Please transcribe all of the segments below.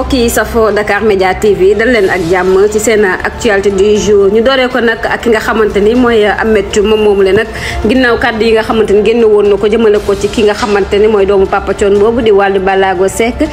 mbokk yi safo Dakar Media TV dal leen ak jàmm ci seen actualité du jour ñu dooree ko ak ki nga xamante ni mooy Ameth moom moomu le nag ginnaaw kàddu yi nga xamante ni génn woon na ko jëmale ko ci ki nga xamante ni mooy doomu Papa Thione boobu di Wally Ballago Seck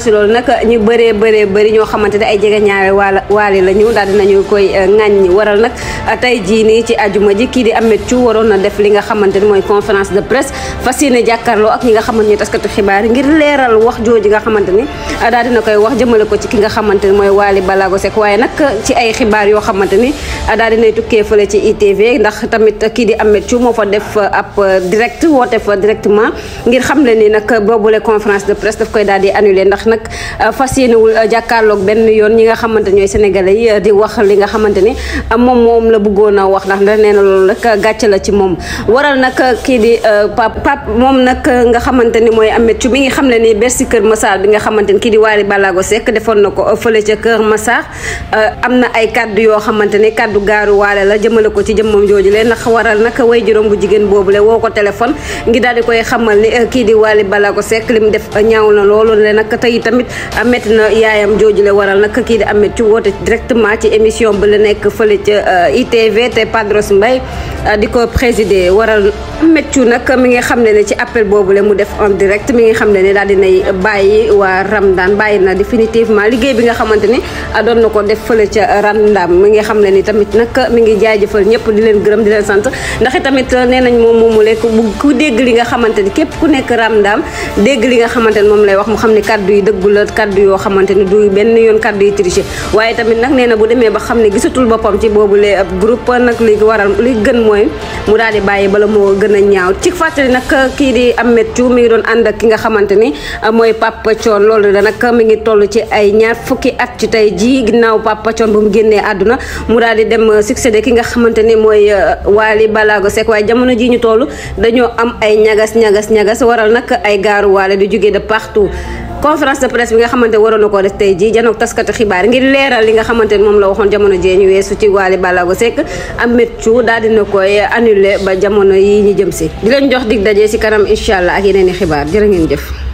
si loolu nag bëree bëree bëri ñoo xamante ni ay jege ñaare waal waali la ñu daal dinañu koy eh, ŋàññi waral nag eh, tey jii nii ci ajuma ji kii di Ameth waroon na def li nga xamante ni mooy conférence de presse fas yéene jàkkaarloo ak ñi nga xamante ni taskatu xibaar ngir leeral wax jooju nga xamante ni eh, dina koy koy wax jëmale ko ci ki nga xamante ne mooy waali Waly Balago Seck waaye nag ci ay xibaar yoo xamante ni daal dinay tukkee fële ci ITV ndax tamit kii di Ameth Thiou moo fa def euh, ab euh, direct woote fa directement ngir xam le ni nag boobule confrance de presse daf koy daal di annulé ndax nag euh, fas yéenewul jàkkaarloog benn yoon ñi nga xamante ñooy sénégalais yi di wax li nga xamante ni moom moom la bëggoon a wax ndax da nee na loolu rek gàcce la ci moom waral nag kii di pap pap moom nag nga xamante ni mooy am Thiou mi ngi xam le ni Bercy Kër Massar bi nga xamante ni kii di Waly Ballago Seck defoon na ko fële Kër Massar am na ay kaddu yoo xamante ni kaddu kàddu gaaru waale la jëmale ko ci jëmmam jooju leen ndax waral nag way juróom bu jigéen boobule woo ko téléphone ngi daal di koy xamal ni eh, kii di Wally Ballago Seck li mu def eh, ñaaw na loolu le nag tey tamit eh, métti na yaayam joojule waral nag kii di amet ci woote directement ci émission ba la nekk fële ca ITV te Padros Mbaye di ko présider waral méttu nag mi nga xam ne ne ci appel boobule mu def en direct mi nga xam ne ne daal dinay bàyyi waa Ramdan na définitivement liggéey bi nga xamante na ko def fële ca nga xam ne ni tamit nag ngi ngi jëfal ñëpp di leen gërëm di leen sant ndax tamit uh, nee nañ moom moomu lekk bu ku dégg li nga xamante ni képp ku nekk ramdaam dégg li nga xamante ni moom lay wax mu xam ne kaddu yi dëggu la kaddu yoo xamante ni du benn yoon kaddu yi triché waaye tamit nag nee na bu demee ba xam ne gisatul boppam ci boobu lee uh, groupe uh, nag li waral li gën mooy mu daal di bàyyi bala moo gën a ñaaw ci fàttali nag kii di Ameth Thiou mi ngi doon ànd ak ki nga xamante ni mooy Papa Thione loolu da nag mi ngi toll ci ay ñaar fukki at ci tey jii ginnaaw Papa Thione bu mu génnee àdduna mu dem euh, succédé ki nga xamante ni mooy euh, Waly Balago Seck waaye jamono ji ñu toll dañoo am ay ñagas ñagas ñagas waral nag ay gaaru waale di jógee de partout. conférence de presse bi nga xamante waroon na ko def tey jii janook taskatu xibaar ngir leeral li nga xamante ni moom la waxoon jamono jee ñu weesu ci Waly Ballago Seck Ameth Thiou daal dina koy annulé ba jamono yi ñu jëm si di leen jox dig dajee si kanam incha allah ak yeneen i xibaar jërë ngeen jëf